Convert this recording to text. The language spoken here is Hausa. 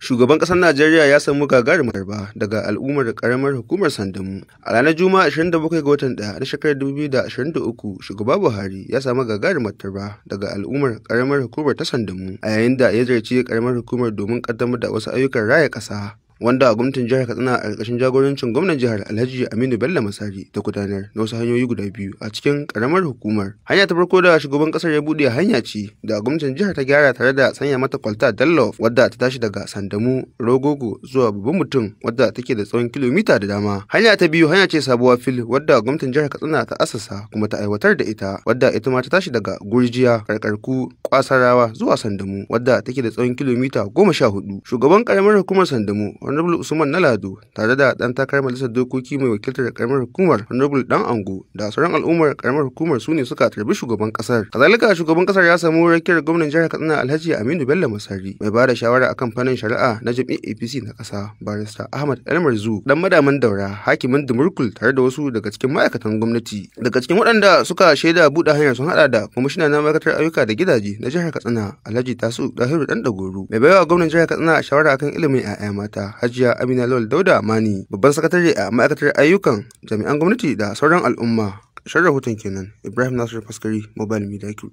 shugaban ƙasar najeriya ya samu gagarumar harba daga al'ummar ƙaramar hukumar sandamu a ranar juma'a 27 ga watan ɗaya na shekarar 2023 shugaba buhari ya samu gagarumar tarba daga al'ummar ƙaramar hukumar ta sandamu a yayin da ya zarce ƙaramar hukumar domin kaddamar da wasu ayyukan raya ƙasa wanda a gwamnatin jihar katsina a ƙarƙashin jagorancin gwamnan jihar alhaji aminu bello masari ta gudanar na wasu hanyoyi guda biyu a cikin ƙaramar hukumar hanya ta farko da shugaban ƙasar ya buɗe hanya ce da gwamnatin jihar ta gyara tare da sanya mata kwalta dallof wadda ta tashi daga sandamu rogogo zuwa babban mutum wadda take da tsawon kilomita da dama hanya ta biyu hanya ce sabuwa fil wadda gwamnatin jihar katsina ta asasa kuma ta aiwatar da ita wadda ita ma ta tashi daga gurjiya karkarku kwasarawa zuwa sandamu wadda take da tsawon kilomita goma sha hudu shugaban ƙaramar hukumar sandamu honorable usman nalado tare da dan takarar majalisar dokoki mai wakiltar karamar hukumar honorable dan ango da sauran al'ummar karamar hukumar su ne suka tarbi shugaban kasar kazalika shugaban kasar ya samu rakiyar gwamnan jihar katsina alhaji aminu bello masari mai bada da shawara akan fannin shari'a na jam'iyyar apc na kasa barista ahmad elmar zu dan madaman daura hakimin dumurkul tare da wasu daga cikin ma'aikatan gwamnati daga cikin waɗanda suka shaida buɗe hanyar sun hada da kwamishina na ma'aikatar ayyuka da gidaje na jihar katsina alhaji tasu dahiru dan dagoro mai baiwa gwamnan jihar katsina shawara akan ilimin 'ya'ya mata Hajiya Amina Lawal Dauda Mani, babban sakatare a ma'aikatar ayyukan jami'an gwamnati da sauran al'umma. Shan rahoton kenan Ibrahim Nasiru Faskari Mobile Media Group.